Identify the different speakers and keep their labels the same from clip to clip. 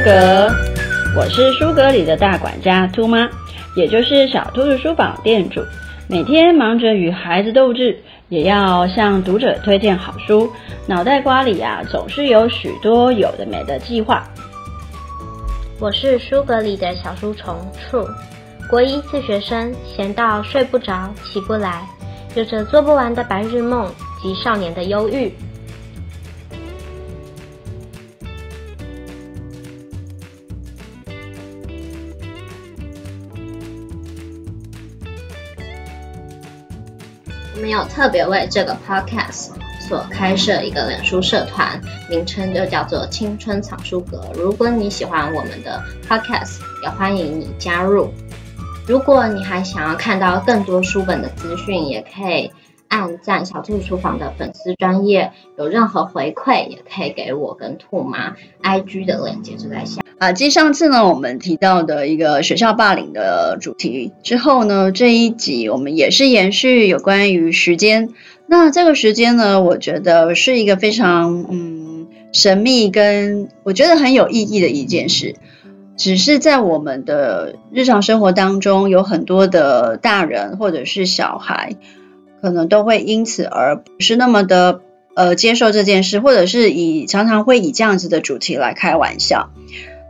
Speaker 1: 書閣，我是書閣裡的大管家兔媽，也就是小兔子書坊店主，每天忙着與孩子鬥智，也要向讀者推薦好書，腦袋瓜裡啊，總是有許多有的沒的計劃。我是書閣裡的小
Speaker 2: 書蟲處，國一自學生，
Speaker 1: 閒到睡
Speaker 2: 不着起不來，有着做不完的白日夢及少年的憂鬱。沒有特別為這個 podcast 所開設一個臉書社團，名稱就叫做“青春藏書閣”。如果你喜歡我們的 podcast，也歡迎你加入。如果你還想要看到更多書本的資訊，也可以按讚小兔書坊的粉絲專頁。有任何回饋，也可以給我跟兔媽 IG 的鏈接，就在下。
Speaker 1: 啊，繼上次呢，我們提到的一個學校霸凌的主題之後呢，這一集我們也是延續有關於時間。那這個時間呢，我覺得是一個非常嗯神祕跟我覺得很有意義的一件事。只是在我們的日常生活當中，有很多的大人或者是小孩，可能都會因此而不是那麼的呃接受這件事，或者是以常常會以這樣子的主題來開玩笑。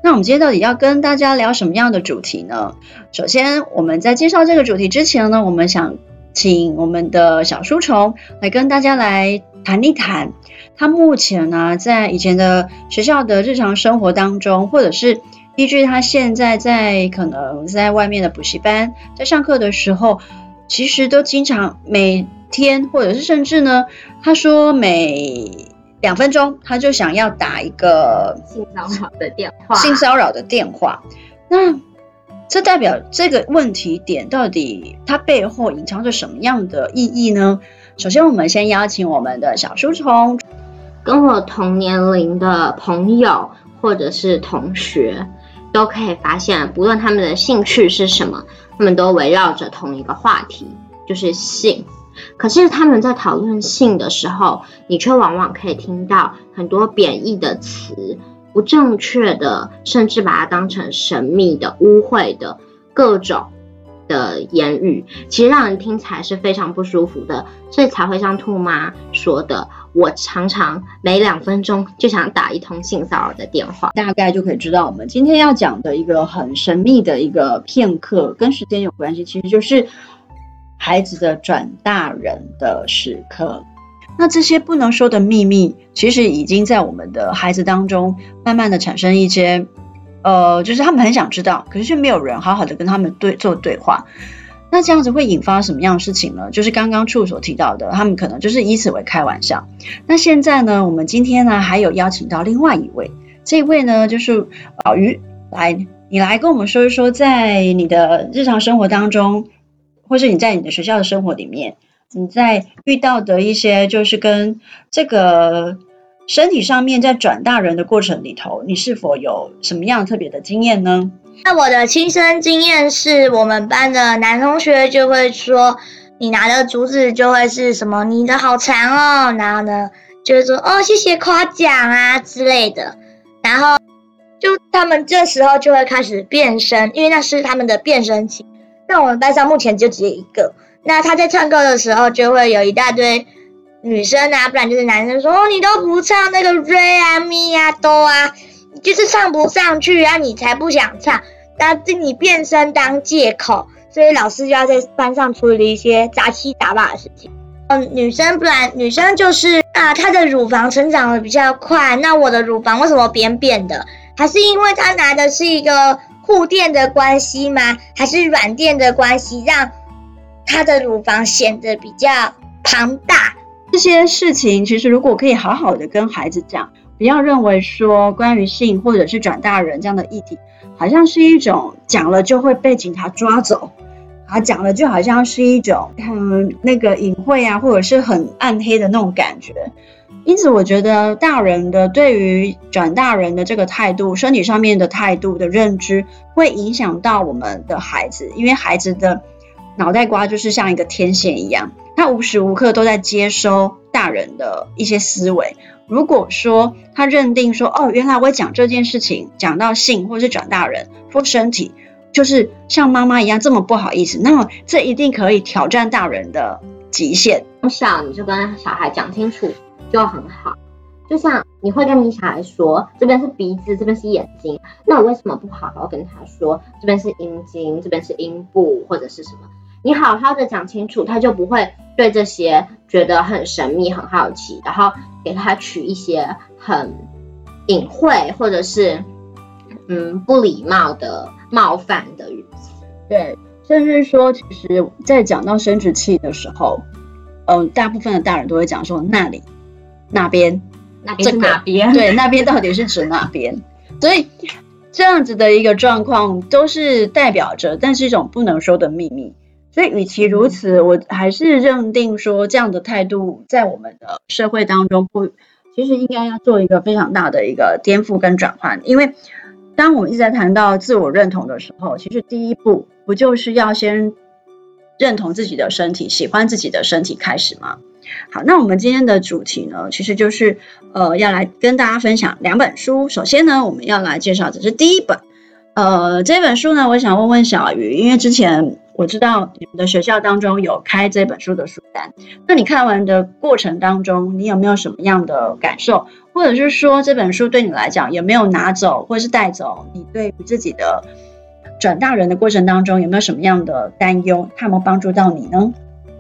Speaker 1: 那我們今天到底要跟大家聊什麼樣的主題呢？首先，我們在介紹這個主題之前呢，我們想請我們的小書蟲來跟大家來談一談，他目前呢在以前的學校的日常生活當中，或者是依據他現在在可能在外面的補習班，在上課的時候，其實都經常每天，或者是甚至呢，他說每。兩分鐘，他就想要打一個性騷擾的電話。性騷擾的電話，那這代表這個問題點到底它背後隱藏着什麼樣的意義呢？首先，我們先邀請我們的小書蟲，跟我同年齡的朋友或者是同學，
Speaker 2: 都可以發現，不論他們的興趣是什麼，他們都圍繞着同一個話題，就是性。可是他們在討論性的時候，你卻往往可以聽到很多貶義的詞、不正確的，甚至把它當成神祕的、污穢的各種的言語，其實讓人聽起來是非常不舒服的。所以才會像兔媽說的，我常常每兩分鐘就想打一通性騷擾的電話。大概就可以知道我們今天要
Speaker 1: 講的一個很神祕的一個片刻，跟時間有關係，其實就是。孩子的轉大人的時刻，那這些不能說的秘密，其實已經在我們的孩子當中慢慢的產生一些，呃，就是他們很想知道，可是卻沒有人好好的跟他們對做對話，那這樣子會引發什麼樣的事情呢？就是剛剛處所提到的，他們可能就是以此為開玩笑。那現在呢，我們今天呢還有邀請到另外一位，這位呢就是老於，來，你來跟我們說一說，在你的日常生活當中，或是你在你的學校的生活裡面，你在遇到的一些就是跟這個身體上面在轉大人的過程裡頭，你是否有什麼樣特別的經驗呢？那
Speaker 3: 我的親身經驗是我們班的男同學就會說，你拿的竹子就會是什麼，你的好長哦，然後呢就會說哦，謝謝誇獎啊之類的，然後就他們這時候就會開始變身，因為那是他們的變身期。那我們班上目前就只有一個，那他在唱歌的時候就會有一大堆女生啊，不然就是男生說哦，你都不唱那個 Re 啊 mi 啊 Do 啊，你就是唱不上去啊，你才不想唱，但是你變聲當借口所以老師就要在班上處理一些雜七雜八的事情。嗯，女生不然女生就是啊，她的乳房成長的比較快，那我的乳房為什麼扁扁的？還是因為她拿的是一個？布墊的關係嗎？還是軟墊的關係，讓他的乳房顯得比較龐大？
Speaker 1: 這些事情其實如果可以好好的跟孩子講，不要認為說關於性或者是轉大人這樣的議題，好像是一種講了就會被警察抓走啊，講了就好像是一種很、嗯、那個隱晦啊，或者是很暗黑的那種感覺。因此，我覺得大人的對於轉大人的這個態度、身體上面的態度的認知，會影響到我們的孩子，因為孩子的腦袋瓜就是像一個天線一樣，他無時無刻都在接收大人的一些思維。如果說他認定說，哦，原來我講這件事情講到性或是轉大人說身體，就是像媽媽一樣這麼不好意思，那麼這一定可以挑戰大人的極限。我想你就跟小孩講清楚。就很好，
Speaker 2: 就像你會跟你小孩說這邊是鼻子，這邊是眼睛，那我為什麼不好好跟他說這邊是陰莖，這邊是陰部或者是什麼？你好好的講清楚，他就不會對這些覺得很神祕、很好奇，然後給他取一些很隱晦或者是嗯不禮貌的冒犯的語氣。
Speaker 1: 對，甚至是說，其實在講到生殖器的時候，嗯、呃，大部分的大人都會講說那裡。那邊，那
Speaker 2: 邊是哪邊？對，那
Speaker 1: 邊到底是指哪邊？ 所以這樣子的一個狀況，都是代表着但是一種不能說的祕密。所以，與其如此，嗯、我還是認定說，這樣的態度在我們的社會當中，不，其實應該要做一個非常大的一個顛覆跟轉換。因為，當我們一直在談到自我認同的時候，其實第一步不就是要先認同自己的身體，喜歡自己的身體開始嗎？好，那我們今天的主題呢，其實就是呃，要來跟大家分享兩本書。首先呢，我們要來介紹的是第一本，呃，這本書呢，我想問問小魚，因為之前我知道你們的學校當中有開這本書的書單，那你看完的過程當中，你有沒有什麼樣的感受？或者是說這本書對你來講，有沒有拿走或者是帶走你對於自己的轉大人的過程當中，有沒有什麼樣的擔憂？他有沒有幫助到你呢？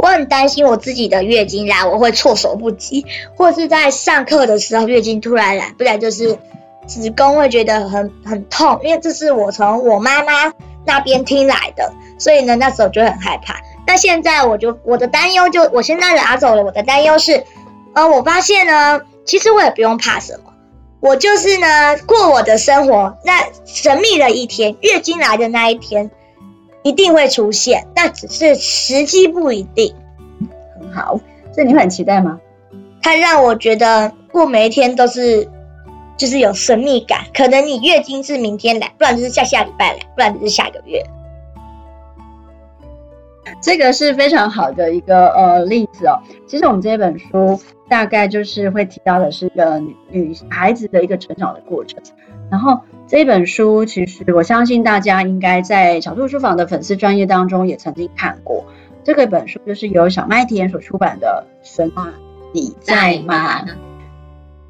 Speaker 1: 我很擔心我自己的月經來，我會措手不及，或是在上課
Speaker 3: 的時候月經突然來，不然就是子宮會覺得很很痛，因為這是我從我媽媽那邊聽來的，所以呢，那時候就很害怕。那現在我就我的擔憂就我現在拿走了，我的擔憂是，呃，我發現呢，其實我也不用怕什麼，我就是呢，過我的生活。那神祕的一天，月經來的那一天。一定會出現，但只是時機不一定。很好，這你很期待嗎？它讓我覺得過每一天都是就是有神秘感，可能你月經是明天來，不然就是下下禮拜來，不然就是下個月。
Speaker 1: 這個是非常好的一個呃例子哦。其實我們這本書大概就是會提到的是一個女孩子的一個成長的過程，然後。這本書，其實我相信大家應該在小兔子書坊的粉絲專頁當中也曾經看過。這個本書就是由小麥田所出版的《神啊，你在嗎》。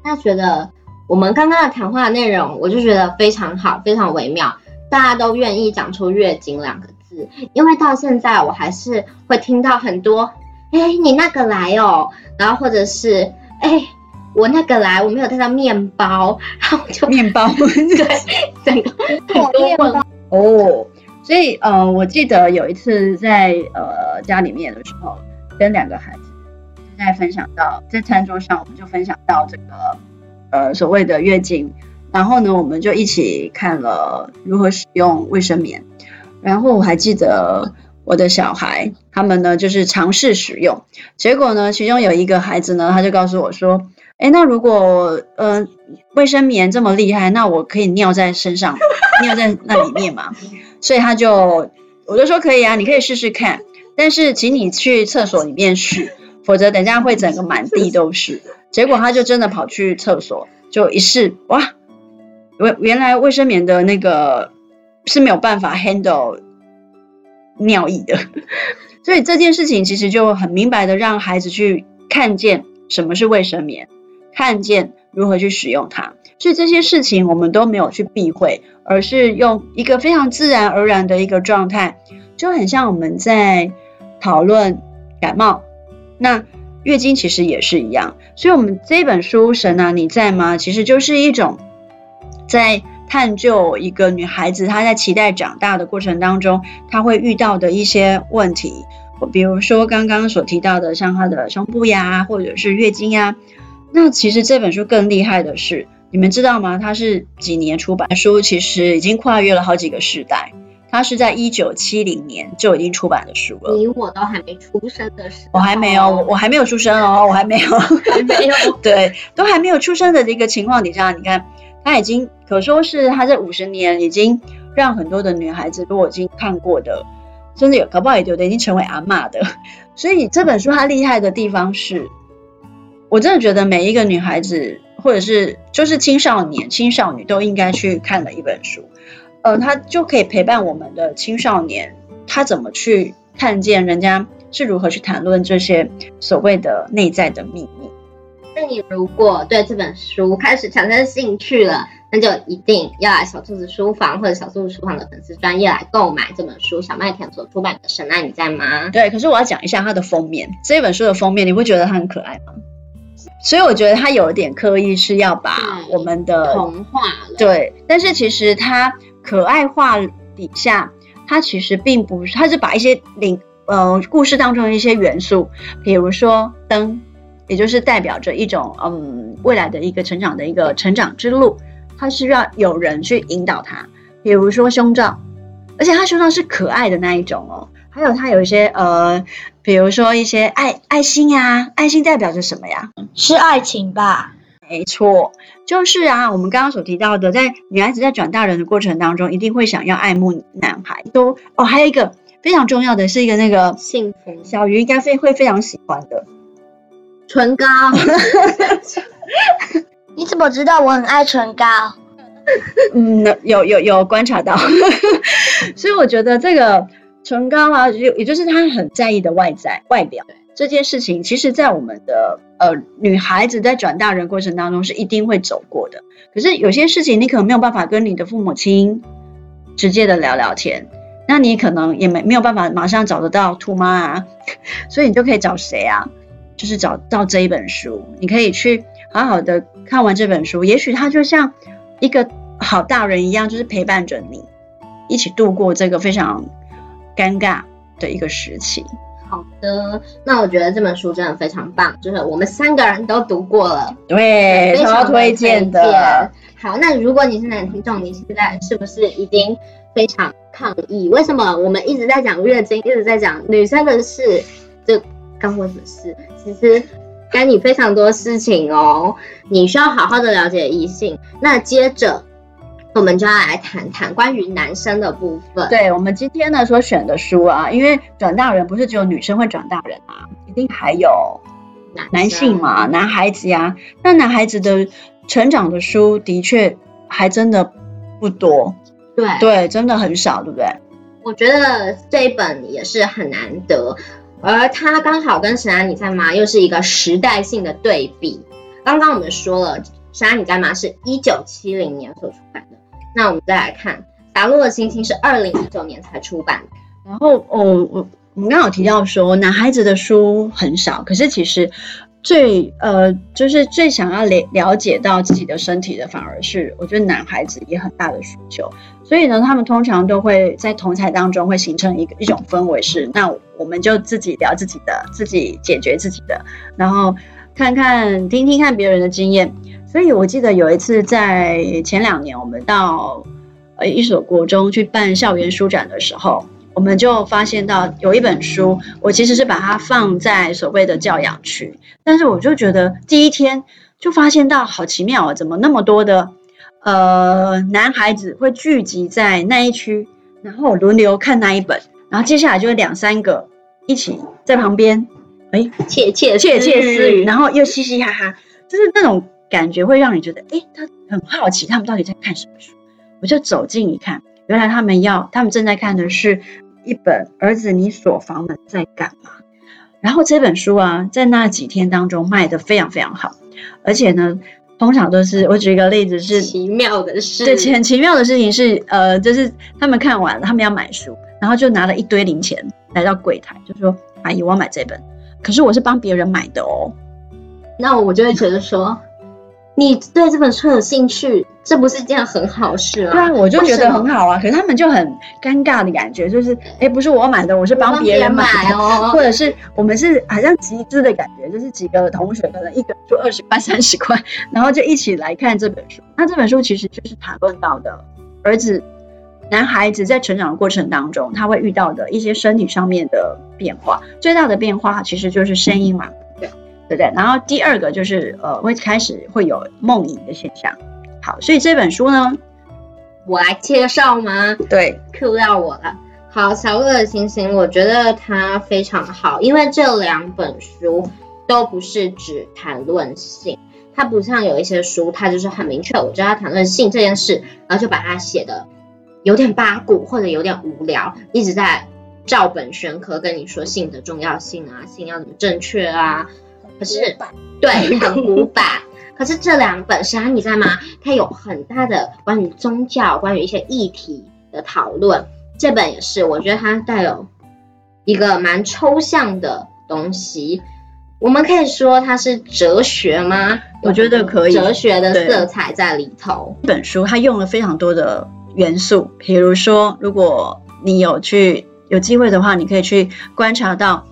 Speaker 2: 那覺得我們剛剛的談話的內容，我就覺得非常好，非常微妙。大家都願意講出“月經”兩個字，因為到現在我還是會聽到很多“哎，你那個來哦”，然後或者是“哎”。我那個來，我沒有帶到面包，然後我就麵包 對，整個很
Speaker 1: 多問哦，所以呃，我記得有一次在呃家裡面的時候，跟兩個孩子在分享到在餐桌上，我們就分享到這個呃所謂的月經，然後呢，我們就一起看了如何使用衛生棉，然後我還記得我的小孩他們呢就是嘗試使用，結果呢，其中有一個孩子呢，他就告訴我說。哎，那如果嗯、呃、衛生棉這麼厲害，那我可以尿在身上，尿在那裡面嘛？所以他就我就說可以啊，你可以試試看，但是請你去廁所裡面試，否則等一下會整個滿地都是。結果他就真的跑去廁所就一試，哇，原原來衛生棉的那個是沒有辦法 handle 尿意的，所以這件事情其實就很明白的讓孩子去看見什麼是衛生棉。看見如何去使用它，所以這些事情我們都沒有去避諱，而是用一個非常自然而然的一個狀態，就很像我們在討論感冒，那月經其實也是一樣。所以，我們這一本書《神啊，你在嗎》其實就是一種在探究一個女孩子她在期待長大的過程當中，她會遇到的一些問題，比如說剛剛所提到的，像她的胸部呀，或者是月經呀。那其實這本書更厲害的是，你們知道嗎？它是幾年出版的書，其實已經跨越了好幾個時代。它是在一九七零年就已經出版的書了。你
Speaker 2: 我都還沒出生的時
Speaker 1: 候，我還沒有，我還沒有出生哦，我還沒有，還沒有， 對，都還沒有出生的一個情況底下，你看，它已經可說是它這五十年已經讓很多的女孩子，都已經看過的，甚至有搞不好也對不對，已經成為阿嬤的。所以這本書它厲害的地方是。我真的覺得每一個女孩子，或者是就是青少年、青少女都應該去看的一本書，嗯、呃，它就可以陪伴我們的青少年，他怎麼去看見人家是如何去談論這些所謂的內在的秘密。
Speaker 2: 那你如果對這本書開始產生興趣了，那就一定要來小兔子書坊或者小兔子
Speaker 1: 書坊的粉絲專頁來購買這本書，小麥田所出版的《神啊，你在嗎》？對，可是我要講一下它的封面，這本書的封面，你會覺得它很可愛嗎？所以我覺得他有一點刻意，是要把我們的童話對對了，對。但是其實他可愛化底下，它其實並不是，它是把一些靈呃故事，當中的一些元素，比如說燈，也就是代表着一種嗯，未來的一個成長的一個成長之路，它需要有人去引導它。比如說胸罩，而且它胸罩是可愛的那一種哦。還有，它有一些呃，比如說一些愛愛心啊，愛心代表着什麼呀？是愛情吧？沒錯，就是啊。我們剛剛所提到的，在女孩子在轉大人的過程當中，一定會想要愛慕男孩。都哦，還有一個非常重要的是一個那個幸福，小魚格應該會會非常喜歡的唇膏。 你怎麼知道我很愛唇膏？ 嗯，有有有觀察到， 所以我覺得這個。唇膏啊，也也就是他很在意的外在外表這件事情，其實在我們的呃，女孩子在轉大人過程當中是一定會走過的。可是有些事情你可能沒有辦法跟你的父母親直接的聊聊天，那你可能也沒沒有辦法馬上找得到兔媽啊，所以你就可以找誰啊？就是找到這一本書，你可以去好好的看完這本書，也許它就像一個好大人一樣，就是陪伴着你一起度過這個非常。尷尬的一個時期。好
Speaker 2: 的，那我覺得這本書真的非常棒，就是我們三個人都讀過了，
Speaker 1: 對喂，非常推薦的。推薦的。
Speaker 2: 好，那如果你是男聽眾，你現在是不是已經非常抗議？為什麼我們一直在講月經，一直在講女生的事，就干你什麼事？其實跟你非常多事情哦，你需要好好的了解異性。那接着，我們就要來談談關於男
Speaker 1: 生的部分。對，我們今天呢，所選的書啊，因為轉大人不是只有女生會轉大人啊，一定還有男性嘛，男生。男孩子呀、啊。那男孩子的成長的書的確還真的不多，對對，真的很少，對不對？
Speaker 2: 我覺得這一本也是很難得，而他剛好跟《神啊，你在嗎？》又是一個時代性的對比。剛剛我們說了。鎖你幹嘛？是一九七零年所出版的。那我們再來看《撒落的
Speaker 1: 星星》是二零一九年才出版的。然後哦，我們剛好提到說，男孩子的書很少，可是其實最呃，就是最想要了了解到自己的身體的，反而是我覺得男孩子也很大的需求。所以呢，他們通常都會在同儕當中會形成一個一種氛圍，是那我們就自己聊自己的，自己解決自己的，然後看看聽聽看別人的經驗。所以，我記得有一次在前兩年，我們到呃一所國中去辦校園書展的時候，我們就發現到有一本書，我其實是把它放在所謂的教養區，但是我就覺得第一天就發現到好奇妙啊，怎麼那麼多的呃男孩子會聚集在那一區，然後輪流看那一本，然後接下來就兩三個一起在旁邊，哎、嗯，竊竊竊竊私語，切切然後又嘻嘻哈哈，就是那種。感覺會讓你覺得，哎，他很好奇，他們到底在看什麼書？我就走近一看，原來他們要，他們正在看的是一本《兒子，你鎖房門在幹嘛》。然後這本書啊，在那幾天當中賣得非常非常好，而且呢，通常都是我舉一個例子是奇妙的事，對，很奇妙的事情是，呃，就是他們看完了，他們要買書，然後就拿了一堆零錢來到櫃台，就說：“阿姨，我要買這本。”可是我是幫別人買的哦，那我就會覺得說。 你對這本書有興趣，這不是一件很好事啊？對啊，我就覺得很好啊。可是他們就很尷尬的感覺，就是哎，不是我買的，我是幫別人買的，我幫別人買哦，或者是我們是好像集資的感覺，就是幾個同學可能一個人出二十塊、三十塊，然後就一起來看這本書。那這本書其實就是談論到的兒子、男孩子在成長的過程當中，他會遇到的一些身體上面的變化，最大的變化其實就是聲音嘛。嗯對不對？然後第二個就是，呃，會開始會有夢影的現象。好，所以這本書呢，我來介紹嗎？
Speaker 2: 對，Q 到我了。好，撒落的星星，我覺得它非常好，因為這兩本書都不是只談論性，它不像有一些書，它就是很明確，我就要它談論性這件事，然後就把它寫得有點八股或者有點無聊，一直在照本宣科跟你說性的重要性啊，性要怎麼正確啊。可是，對，很古板。 可是這兩本書，你知道嗎？它有很大的關於宗教、關於一些議題的討論。這本也是，我覺得它帶有一個蠻抽象的
Speaker 1: 東西。我們可以說它是哲學嗎？我覺得可以，哲學的色
Speaker 2: 彩在裡頭。
Speaker 1: 這本書它用了非常多的元素，比如說，如果你有去有機會的話，你可以去觀察到。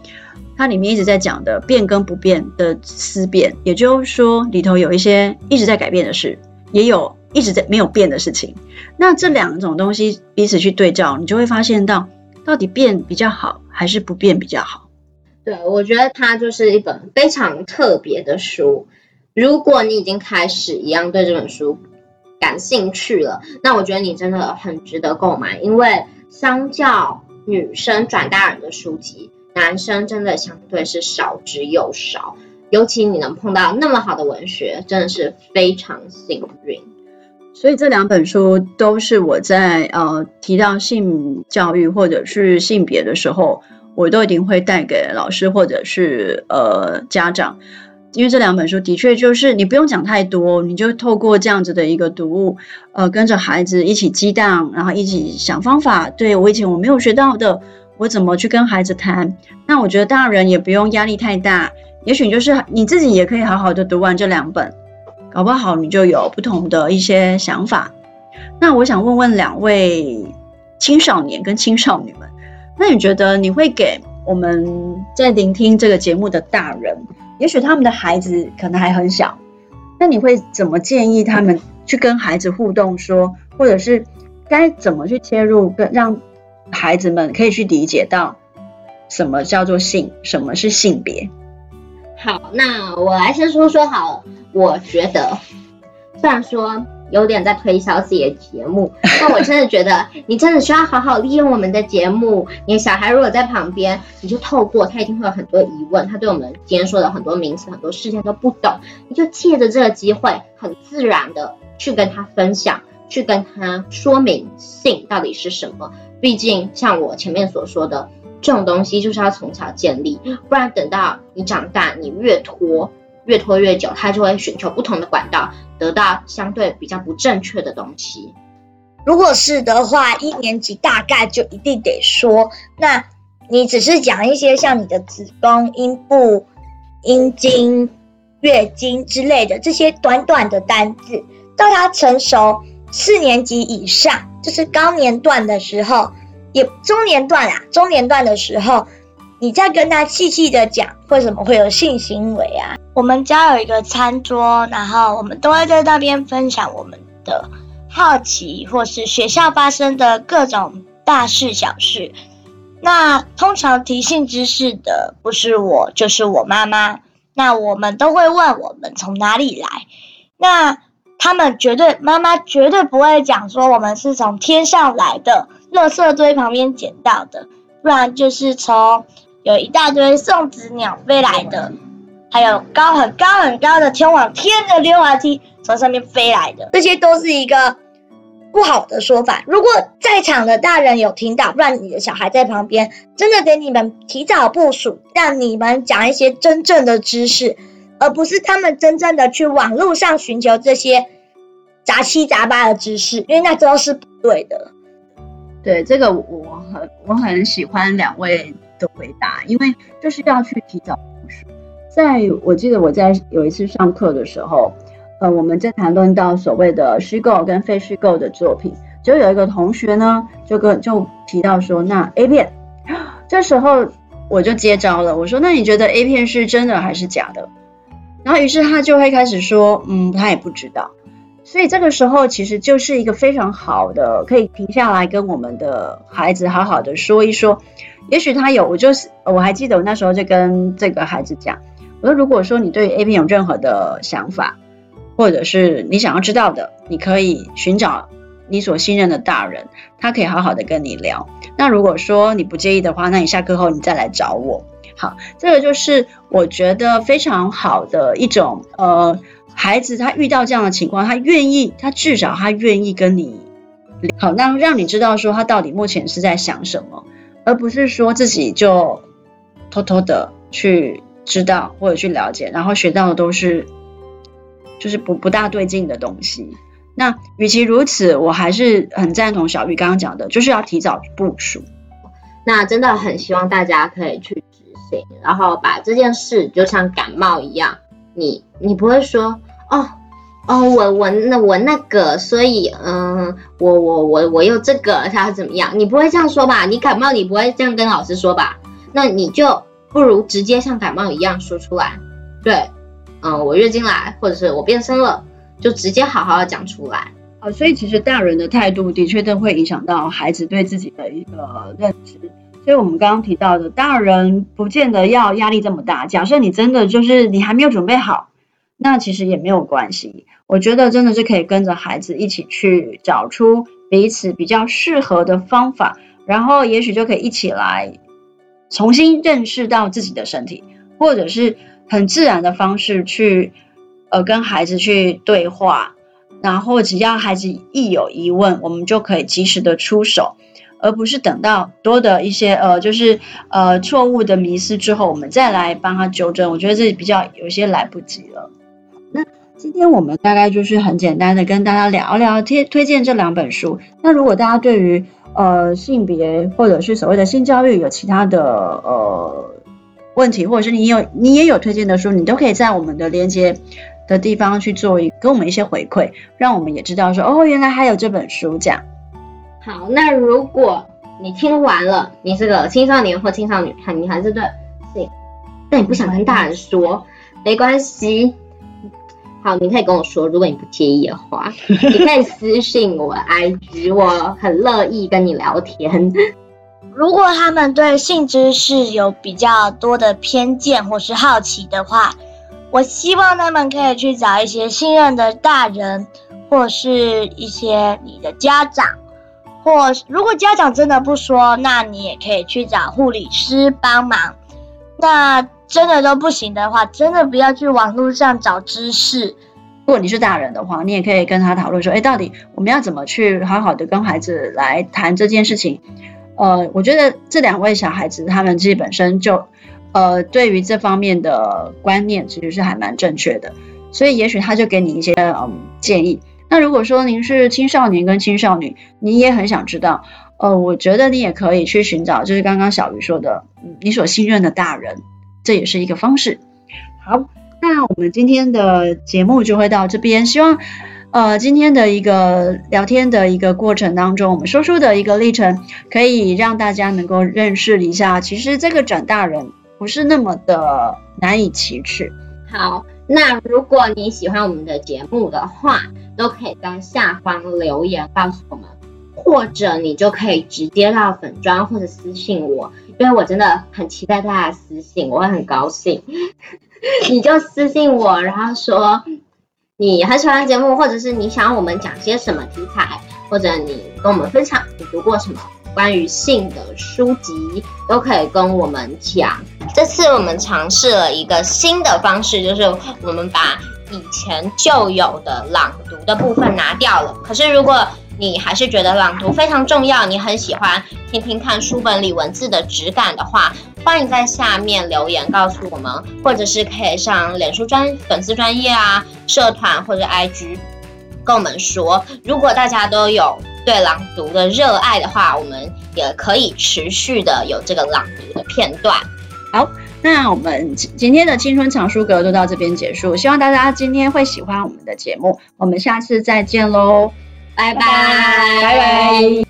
Speaker 1: 它裡面一直在講的變跟不變的思辨，也就是說裡頭有一些一直在改變的事，也有一直在沒有變的事情。那這兩種東西彼此去對照，你就會發現到到底變比較好還是不變比較好。
Speaker 2: 對，我覺得它就是一本非常特別的書。如果你已經開始一樣對這本書感興趣了，那我覺得你真的很值得購買，因為相較女生轉大人的書籍。男生真的相對是少之又少，尤其你能碰到那麼好的文學，真的是非常幸運。
Speaker 1: 所以這兩本書都是我在呃提到性教育或者是性別的時候，我都一定會帶給老師或者是呃家長，因為這兩本書的確就是你不用講太多，你就透過這樣子的一個讀物，呃跟着孩子一起激盪，然後一起想方法，對，我以前我沒有學到的。我怎麼去跟孩子談？那我覺得大人也不用壓力太大，也許就是你自己也可以好好的讀完這兩本，搞不好你就有不同的一些想法。那我想問問兩位青少年跟青少女們，那你覺得你會給我們在聆聽這個節目的大人，也許他們的孩子可能還很小，那你會怎麼建議他們去跟孩子互動說，或者是該怎麼去切入更，讓？孩子們可以去理解到，什麼叫做性，什麼是性別。
Speaker 2: 好，那我來先說說。好，
Speaker 1: 我覺得，雖
Speaker 2: 然說有點在推銷自己的節目，但我真的覺得， 你真的需要好好利用我們的節目。你小孩如果在旁邊，你就透過他一定會有很多疑問，他對我們今天說的很多名詞、很多事情都不懂，你就借着這個機會，很自然的去跟他分享，去跟他說明性到底是什麼？畢竟，像我前面所說的，這種東西就是要從小建立，不然等到你長大，你越拖，越拖越久，他就會尋求不同的管道得到相對比較不正確的東西。如果是的話，一年
Speaker 3: 級大概就一定得說，那你只是講一些像你的子宮、陰部、陰莖、月經之類的這些短短的單字，到他成熟四年級以上。就是高年段的時候，也中年段啊。中年段的時候，你在跟他細細的講為什麼會有性行為啊。我們家有一個餐桌，然後我們都會在那邊分享我們的好奇或是學校發生的各種大事小事。那通常提性知識的不是我就是我媽媽。那我們都會問我們從哪裡來？那他們絕對，媽媽絕對不會講說我們是從天上來的，垃圾堆旁邊撿到的，不然就是從有一大堆送子鳥飛來的，還有高很高很高的通往天的溜滑梯從上面飛來的，這些都是一個不好的說法。如果在場的大人有聽到，不然你的小孩在旁邊，真的給你們提早部署，讓你們講一些真正的知識。而不是他們真正的去網絡上尋求這些雜七雜八的知識，因為那都是不對的。
Speaker 1: 對，這個我很我很喜歡兩位的回答，因為就是要去提早。在我記得我在有一次上課的時候，呃，我們在談論到所謂的虛構跟非虛構的作品，就有一個同學呢就跟就提到說，那 A 片，這時候我就接招了，我說那你覺得 A 片是真的還是假的？然後，於是他就會開始說，嗯，他也不知道。所以這個時候，其實就是一個非常好的，可以停下來跟我們的孩子好好的說一說。也許他有，我就是我還記得我那時候就跟這個孩子講，我說，如果說你對 A P 有任何的想法，或者是你想要知道的，你可以尋找你所信任的大人，他可以好好的跟你聊。那如果說你不介意的話，那你下課後你再來找我。好，這個就是我覺得非常好的一種呃，孩子他遇到這樣的情況，他願意，他至少他願意跟你。好，那讓你知道說他到底目前是在想什麼，而不是說自己就偷偷的去知道或者去了解，然後學到的都是就是不不大對勁的東西。那與其如此，我還是很贊同小玉剛剛講的，就是要提早部署。那真的很希望大家可以去。然後
Speaker 2: 把這件事就像感冒一樣，你你不會說哦哦我我那我那個，所以嗯我我我我有這個，他是怎麼樣？你不會這樣說吧？你感冒你不會這樣跟老師說吧？那你就不如直接像感冒一樣說出來。對，嗯我月經來，或者是我變聲了，
Speaker 1: 就直接好好的講出來。哦、呃，所以其實大人的態度的確都會影響到孩子對自己的一個認知。所以，我們剛剛提到的，大人不見得要壓力這麼大。假設你真的就是你還沒有準備好，那其實也沒有關係。我覺得真的是可以跟着孩子一起去找出彼此比較適合的方法，然後也許就可以一起來重新認識到自己的身體，或者是很自然的方式去呃跟孩子去對話。然後只要孩子一有疑問，我們就可以及時的出手。而不是等到多的一些呃，就是呃錯誤的迷思之後，我們再來幫他糾正。我覺得這比較有些來不及了。那今天我們大概就是很簡單的跟大家聊聊推推薦這兩本書。那如果大家對於呃性別或者是所謂的性教育有其他的呃問題，或者是你有你也有推薦的書，你都可以在我們的連接的地方去做一個跟我們一些回饋，讓我們也知道說哦，原來還有這本書這樣。好，那如
Speaker 2: 果你聽完了，你是個青少年或青少女，啊，你還是對對，但你不想跟大人說，沒關係。好，你可以跟我說，如果你不介意的話， 你可以私信我 IG，我很樂意跟你聊天。如果他們對性知識有比較多的偏
Speaker 3: 見或是好奇的話，我希望他們可以去找一些信任的大人，或是一些你的家長。或如果家長真的不說，那你也可以去找護理師幫忙。那真的都
Speaker 1: 不行的話，真的不要去網絡上找知識。如果你是大人的話，你也可以跟他討論說，哎，到底我們要怎麼去好好的跟孩子來談這件事情？呃，我覺得這兩位小孩子他們自己本身就，呃，對於這方面的觀念其實是還蠻正確的，所以也許他就給你一些，嗯，建議。那如果說您是青少年跟青少女，你也很想知道，呃，我覺得你也可以去尋找，就是剛剛小魚說的，你所信任的大人，這也是一個方式。好，那我們今天的節目就會到這邊。希望呃今天的一個聊天的一個過程當中，我們說出的一個歷程，可以讓大家能夠認識一下，其實這個轉大人不是那麼的難以啟齒。好，那如果你喜歡我們的節目的
Speaker 2: 話，都可以在下方留言告訴我們，或者你就可以直接到粉專，或者私信我，因為我真的很期待大家私信，我會很高興。 你就私信我，然後說你很喜歡節目，或者是你想要我們講些什麼題材，或者你跟我們分享你讀過什麼關於性的書籍，都可以跟我們講。這次我們嘗試了一個新的方式，就是我們把。以前就有的朗讀的部分拿掉了，可是如果你還是覺得朗讀非常重要，你很喜歡聽聽看書本裡文字的質感的話，歡迎在下面留言告訴我們，或者是可以上臉書專粉絲專頁啊社團或者 IG 跟我們說，如果大家都有對朗讀的熱愛的話，我們
Speaker 1: 也可以持續的有這個朗讀的片段。好。那我們今天的青春藏書閣就到這邊結束，希望大家今天會喜歡我們的節目，我們下次再見嘍，拜
Speaker 2: 拜拜拜。拜拜拜拜